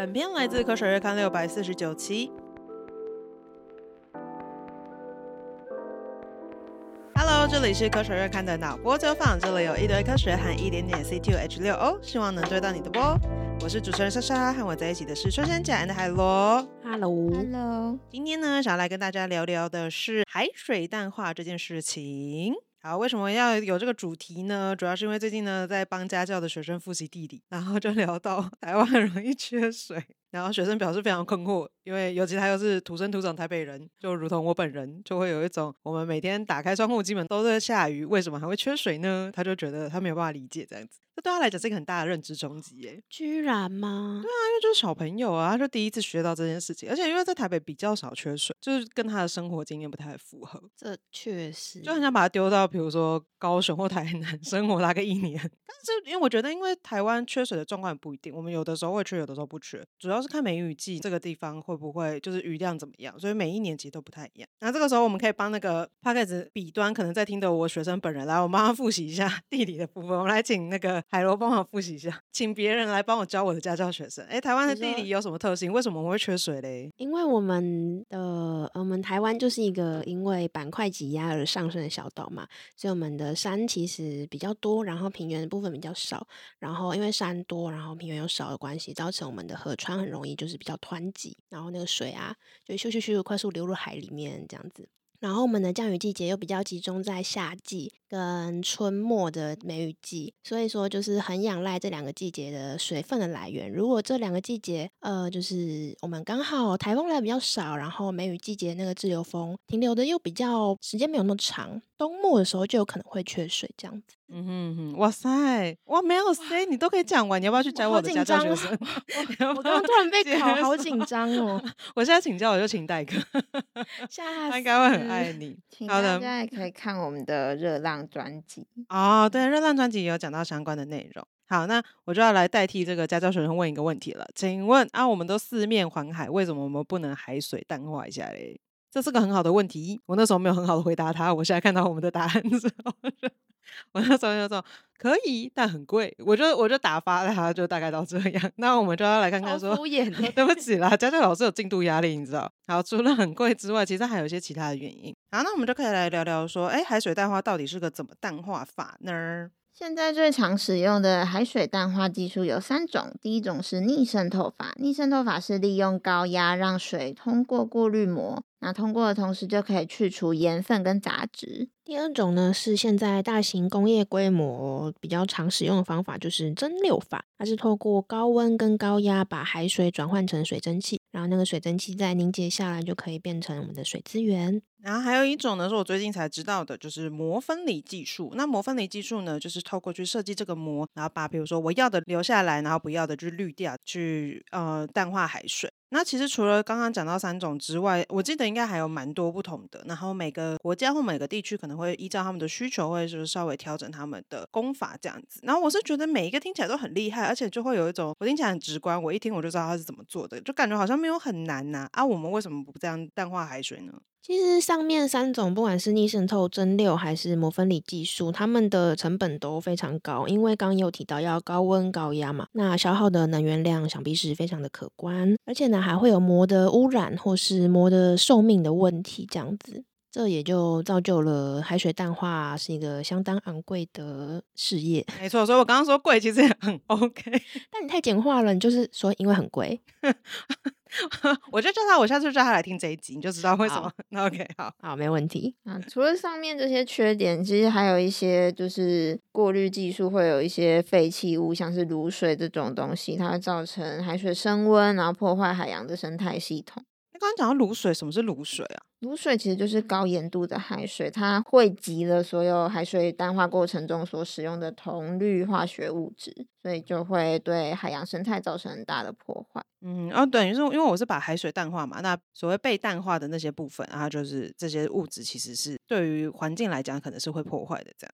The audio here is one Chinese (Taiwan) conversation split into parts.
本片來自《科學月刊》六百四十九期。Hello，這裡是《科學月刊》的腦波酒坊，這裡有一堆科學和一點點 C2H6O，希望能追到你的波。我是主持人莎莎，和我在一起的是穿山甲 And 海螺。Hello，Hello hello。今天呢，想要來跟大家聊聊的是海水淡化這件事情。好，為什麼要有這個主題呢？主要是因為最近呢，在幫家教的學生複習地理，然後就聊到台灣很容易缺水，然後學生表示非常困惑，因為尤其他又是土生土長台北人，就如同我本人，就會有一種我們每天打開窗戶基本都在下雨，為什麼還會缺水呢？他就覺得他沒有辦法理解這樣子。對他來講是一個很大的認知衝擊，欸，居然嗎？對啊，因為就是小朋友啊，他就第一次學到這件事情，而且因為在台北比較少缺水，就是跟他的生活經驗不太符合，這確實就很想把他丟到比如說高雄或台南生活那個一年。 但是因為我覺得，因為台灣缺水的狀況也不一定，我們有的時候會缺，有的時候不缺，主要是看梅雨季這個地方會不會就是雨量怎麼樣，所以每一年其實都不太一樣。那這個時候我們可以幫那個 podcast 彼端可能在聽的我學生本人來，我們幫他複習一下地理的部分，我們來請那個。海螺幫我複習一下，請別人來幫我教我的家教學生。哎、欸，台灣的地理有什麼特性？為什麼我們會缺水嘞？因為我們的，呃、我們台灣就是一個因為板塊擠壓而上升的小島嘛，所以我們的山其實比較多，然後平原的部分比較少。然後因為山多，然後平原又少的關係，造成我們的河川很容易就是比較湍急，然後那個水啊，就咻咻咻快速流入海裡面這樣子。然後我們的降雨季節又比較集中在夏季跟春末的梅雨季，所以說就是很仰賴這兩個季節的水分的來源。如果這兩個季節，呃，就是我們剛好台風來比較少，然後梅雨季節那個滯留鋒，停留的又比較時間沒有那麼長，冬末的時候就有可能會缺水這樣子。嗯哼、哼，哇塞，哇沒有塞，你都可以講完，你要不要去找我的家教學生？我我剛剛 突然被考，好緊張哦！我現在請教，我就請代課。下次 他應該會很愛你。好的，現在可以看我們的熱浪專輯。哦，對，熱浪專輯也有講到相關的內容。好，那我就要來代替這個家教學生問一個問題了。請問啊，我們都四面環海，為什麼我們不能海水淡化一下嘞？這是個很好的問題。我那時候沒有很好的回答他，我現在看到我們的答案之後。我那時候就說可以，但很貴，我就我就打發他，然後就大概到這樣。那我們就要來看看說，欸、對不起啦，佳佳老師有進度壓力，你知道。好，除了很貴之外，其實還有一些其他的原因。好，那我們就可以來聊聊說，哎、欸，海水淡化到底是個怎麼淡化法呢？現在最常使用的海水淡化技術有三種，第一種是逆滲透法，逆滲透法是利用高壓讓水通過過濾膜。那通過的同時就可以去除鹽分跟雜質。第二種呢是現在大型工業規模比較常使用的方法，就是蒸餾法。它是透過高溫跟高壓把海水轉換成水蒸氣，然後那個水蒸氣再凝結下來，就可以變成我們的水資源。然後還有一種呢是我最近才知道的，就是膜分離技術。那膜分離技術呢，就是透過去設計這個膜，然後把比如說我要的留下來，然後不要的就濾掉，去呃淡化海水。那其實除了剛剛講到三種之外，我記得應該還有蠻多不同的。然後每個國家或每個地區可能會依照他們的需求，或者就是稍微調整他們的工法這樣子。然後我是覺得每一個聽起來都很厲害，而且就會有一種我聽起來很直觀，我一聽我就知道他是怎麼做的，就感覺好像沒有很難吶、啊。啊，我們為什麼不這樣淡化海水呢？其實上面三種，不管是逆滲透、蒸餾還是膜分離技術，它們的成本都非常高，因為剛有提到要高溫高壓嘛，那消耗的能源量想必是非常的可觀，而且呢還會有膜的污染或是膜的壽命的問題，這樣子。這也就造就了海水淡化、啊、是一個相當昂貴的事業。沒錯，所以我剛剛說貴其實也很 OK， 但你太簡化了，你就是說因為很貴。 我就叫他，我下次叫他來聽這一集，你就知道為什麼。好，那 OK，好，好，沒問題。除了上面這些缺點，其實還有一些就是過濾技術會有一些廢棄物，像是滷水這種東西，它會造成海水升溫，然後破壞海洋的生態系統。你剛剛講到滷水，什麼是滷水啊？滷水其實就是高鹽度的海水，它匯集了所有海水淡化過程中所使用的銅氯化學物質，所以就會對海洋生態造成很大的破壞。嗯，哦，等於是，因為我是把海水淡化嘛，那所謂被淡化的那些部分，啊，就是這些物質其實是對於環境來講，可能是會破壞的這樣。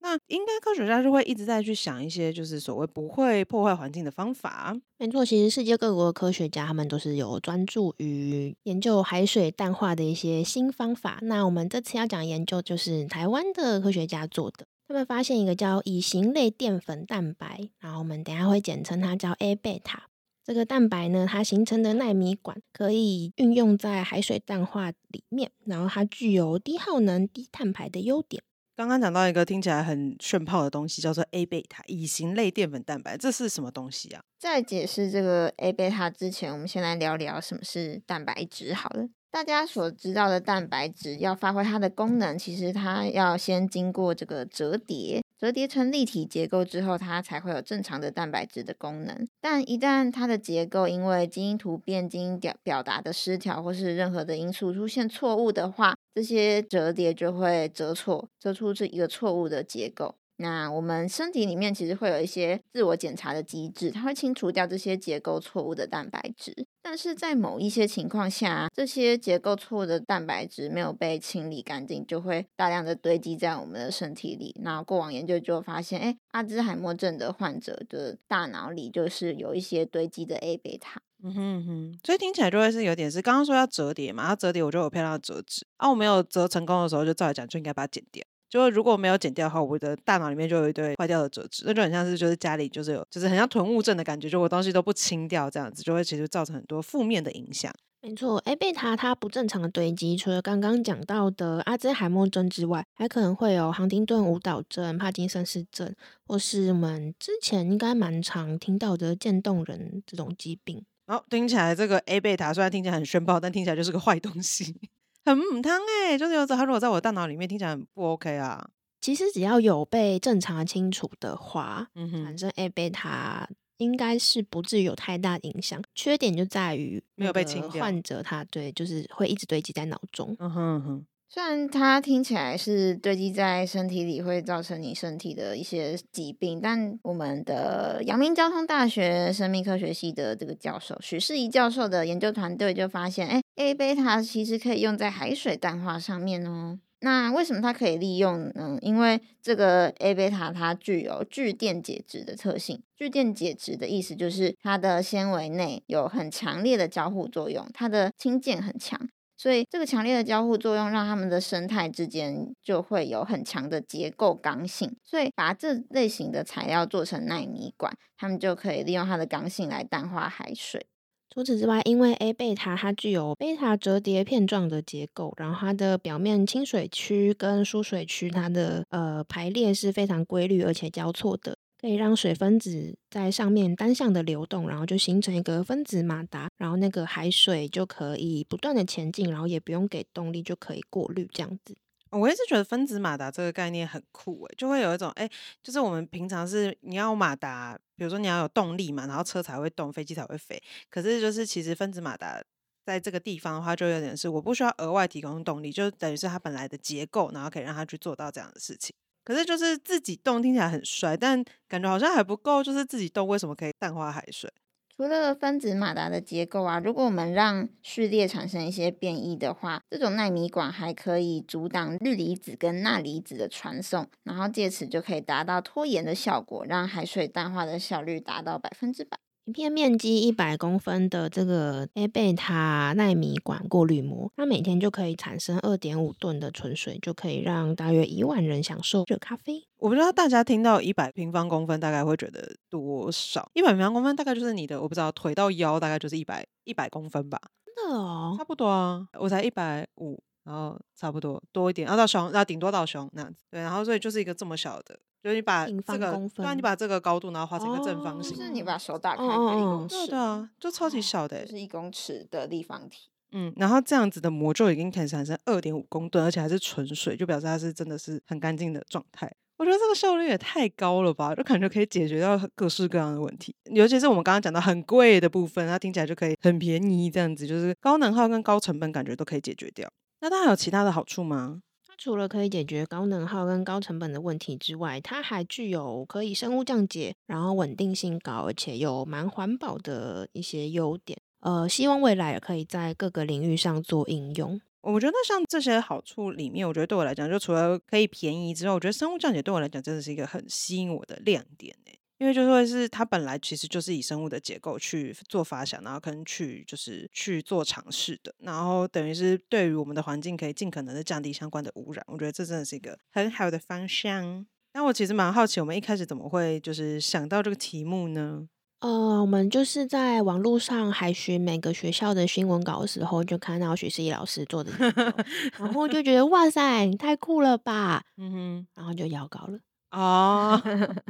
那應該科學家就會一直在去想一些就是所謂不會破壞環境的方法。沒錯，其實世界各國的科學家他們都是有專注於研究海水淡化的一些新方法。那我們這次要講研究就是台灣的科學家做的，他們發現一個叫乙型類澱粉蛋白，然後我們等一下會簡稱它叫 A 貝塔。這個蛋白呢，它形成的奈米管可以運用在海水淡化裡面，然後它具有低耗能、低碳排的優點。剛剛講到一個聽起來很炫炮的東西，叫做 A 貝塔乙型類澱粉蛋白，這是什麼東西啊？在解釋這個 A 貝塔之前，我們先來聊聊什麼是蛋白質。好了，大家所知道的蛋白質，要發揮它的功能，其實它要先經過這個摺疊，摺疊成立體結構之後，它才會有正常的蛋白質的功能。但一旦它的結構因為基因突變、基因表表達的失調，或是任何的因素出現錯誤的話，這些折疊就會折錯，折出是一個錯誤的結構。那我們身體裡面其實會有一些自我檢查的機制，它會清除掉這些結構錯誤的蛋白質。但是在某一些情況下，這些結構錯誤的蛋白質沒有被清理乾淨，就會大量的堆積在我們的身體裡。那過往研究就發現，哎，阿茲海默症的患者的大腦裡就是有一些堆積的 A 貝塔。嗯哼嗯哼，所以聽起來就會是有點是剛剛說要折疊嘛，要折疊，我就有漂亮的折紙。後、啊、我沒有折成功的時候，就照理講就應該把它剪掉。就如果沒有剪掉的話，我的大腦裡面就有一堆壞掉的折紙，那就很像是就是家裡就是有就是很像囤物症的感覺，就我東西都不清掉這樣子，就會其實造成很多負面的影響。沒錯，a 貝塔它不正常的堆積，除了剛剛講到的阿茲海默症之外，還可能會有杭丁頓舞蹈症、帕金森氏症，或是我們之前應該蠻常聽到的漸凍人這種疾病。哦，聽起來這個 A 貝塔雖然聽起來很炫爆，但聽起來就是個壞東西， 很母湯哎、欸，就是有時候，它如果在我的大腦裡面聽起來很不 OK 啊。其實只要有被正常清除的話，嗯、哼反正 A 貝塔應該是不至於有太大影響。缺點就在於沒有被清掉，患者他對就是會一直堆積在腦中。嗯哼嗯哼。雖然它聽起來是堆積在身體裡會造成你身體的一些疾病，但我們的陽明交通大學生命科學系的這個教授許世儀教授的研究團隊就發現，哎，A 貝塔其實可以用在海水淡化上面哦。那為什麼它可以利用呢？因為這個 A 貝塔它具有聚電解質的特性，聚電解質的意思就是它的纖維內有很強烈的交互作用，它的氫鍵很強。所以這個強烈的交互作用讓它們的生態之間就會有很強的結構剛性，所以把這類型的材料做成奈米管，它們就可以利用它的剛性來淡化海水。除此之外，因為 A 貝塔它具有貝塔摺疊片狀的結構，然後它的表面親水區跟疏水區它的呃排列是非常規律而且交錯的。可以讓水分子在上面單向的流動，然後就形成一個分子馬達，然後那個海水就可以不斷的前進，然後也不用給動力就可以過濾這樣子。我一直覺得分子馬達這個概念很酷誒，就會有一種誒，就是我們平常是你要馬達，比如說你要有動力嘛，然後車才會動，飛機才會飛。可是就是其實分子馬達在這個地方的話，就有點是我不需要額外提供動力，就等於是它本來的結構，然後可以讓它去做到這樣的事情。可是就是自己動聽起來很帥，但感覺好像還不夠。就是自己動為什麼可以淡化海水？除了分子馬達的結構啊，如果我們讓序列產生一些變異的話，這種納米管還可以阻擋氯離子跟鈉離子的傳送，然後借此就可以達到脫鹽的效果，讓海水淡化的效率達到百分之百。一片面積一百公分的這個 A 貝塔奈米管過濾膜，它每天就可以產生二點五噸的純水，就可以讓大約一萬人享受熱咖啡。我不知道大家聽到一百平方公分，大概會覺得多少？一百平方公分大概就是你的，我不知道腿到腰大概就是一百一百公分吧？真的哦，差不多啊，我才一百五。然後差不多多一點，然後到胸，然後頂多到胸那樣子。對，然後所以就是一個這麼小的，就是你把這個，不、啊、你把這個高度然後畫成一個正方形、哦，就是你把手打開、哦、一公尺，對，對啊，就超級小的，哦就是一公尺的立方體。嗯，然後這樣子的膜就已經可以產生二點五公噸，而且還是純水，就表示它是真的是很乾淨的狀態。我覺得這個效率也太高了吧？就感覺可以解決到各式各樣的問題，尤其是我們剛剛講到很貴的部分，它聽起來就可以很便宜這樣子，就是高能耗跟高成本感覺都可以解決掉。那它還有其他的好處嗎？它除了可以解決高能耗跟高成本的問題之外，它還具有可以生物降解，然後穩定性高，而且有蠻環保的一些優點。呃，希望未來也可以在各個領域上做應用。我覺得像這些好處裡面，我覺得對我來講，就除了可以便宜之外，我覺得生物降解對我來講真的是一個很吸引我的亮點呢、欸。因為就是是它本來其實就是以生物的結構去做發想，然後可能去就是去做嘗試的，然後等於是對於我們的環境可以盡可能的降低相關的污染，我覺得這真的是一個很好的方向。但我其實蠻好奇，我們一開始怎麼會就是想到這個題目呢？呃，我們就是在網路上海選每個學校的新聞稿的時候，就看到徐世儀老師做的， 然後就覺得哇塞，你太酷了吧！嗯哼，然後就邀稿了哦。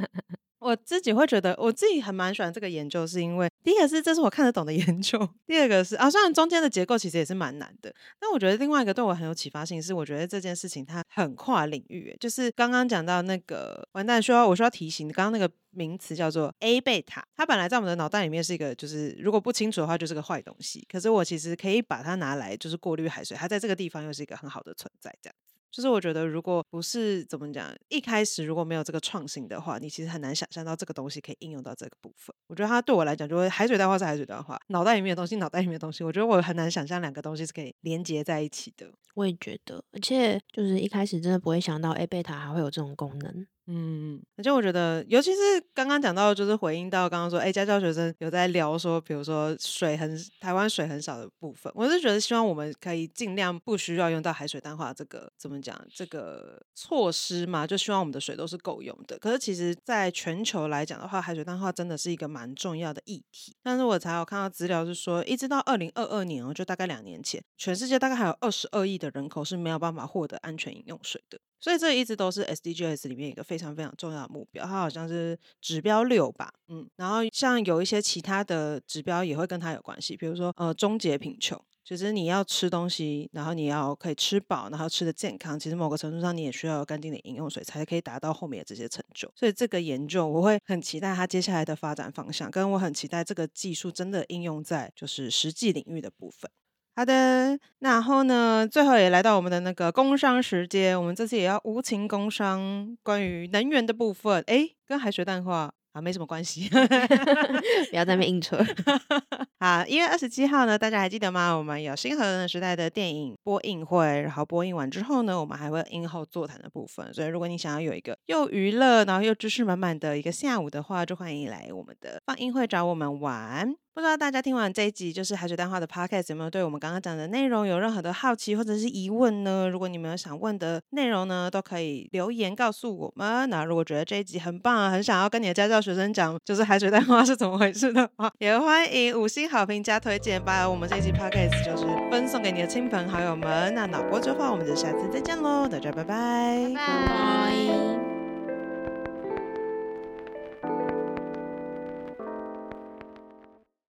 我自己會覺得，我自己還蠻喜歡這個研究，是因為第一個是這是我看得懂的研究，第二個是啊，雖然中間的結構其實也是蠻難的，但我覺得另外一個對我很有啟發性是，我覺得這件事情它很跨領域，就是剛剛講到那個完蛋說，我說我需要提醒，剛剛那個名詞叫做 A 貝塔，它本來在我們的腦袋裡面是一個就是如果不清楚的話就是個壞東西，可是我其實可以把它拿來就是過濾海水，它在這個地方又是一個很好的存在，這樣就是我覺得，如果不是怎麼講，一開始如果沒有這個創新的話，你其實很難想象到這個東西可以應用到這個部分。我覺得它對我來講，就會海水淡化是海水淡化，腦袋裡面的東西，腦袋裡面的東西，我覺得我很難想象兩個東西是可以連接在一起的。我也覺得，而且就是一開始真的不會想到，A 貝塔還會有這種功能。嗯，而且我覺得，尤其是剛剛講到，就是回應到剛剛說，哎，家教學生有在聊說，比如說水很台灣水很少的部分，我是覺得希望我們可以儘量不需要用到海水淡化這個怎麼講這個措施嘛，就希望我們的水都是夠用的。可是其實，在全球來講的話，海水淡化真的是一個蠻重要的議題。但是我才有看到資料就是說，一直到二零二二年哦，就大概兩年前，全世界大概還有二十二億的人口是沒有辦法獲得安全飲用水的。所以這一直都是 SDGs 裡面一個非常非常重要的目標，它好像是指標六吧，嗯，然後像有一些其他的指標也會跟它有關係，比如說呃，終結貧窮，其實你要吃東西，然後你要可以吃飽，然後吃得健康，其實某個程度上你也需要乾淨的飲用水才可以達到後面的這些成就，所以這個研究我會很期待它接下來的發展方向，跟我很期待這個技術真的應用在就是實際領域的部分。好的，那然後呢，最後也來到我們的那個工商時間，我們這次也要無情工商關於能源的部分，哎，跟海水淡化啊沒什麼關係， 不要在那邊應酬。 好，一月二十七號呢，大家還記得嗎？我們有《新核能時代》的電影播映會，然後播映完之後呢，我們還會映後座談的部分，所以如果你想要有一個又娛樂然後又知識滿滿的一個下午的話，就歡迎來我們的放映會找我們玩。不知道大家聽完這一集，就是海水淡化的 podcast 有沒有對我們剛剛講的內容有任何的好奇或者是疑問呢？如果你們有想問的內容呢，都可以留言告訴我們。那如果覺得這一集很棒，很想要跟你的家教學生講，就是海水淡化是怎麼回事的話，也歡迎五星好評加推薦，把我們這一集 podcast 就是分送給你的親朋好友們。那腦波酒坊，我們就下次再見嘍，大家拜拜。拜拜。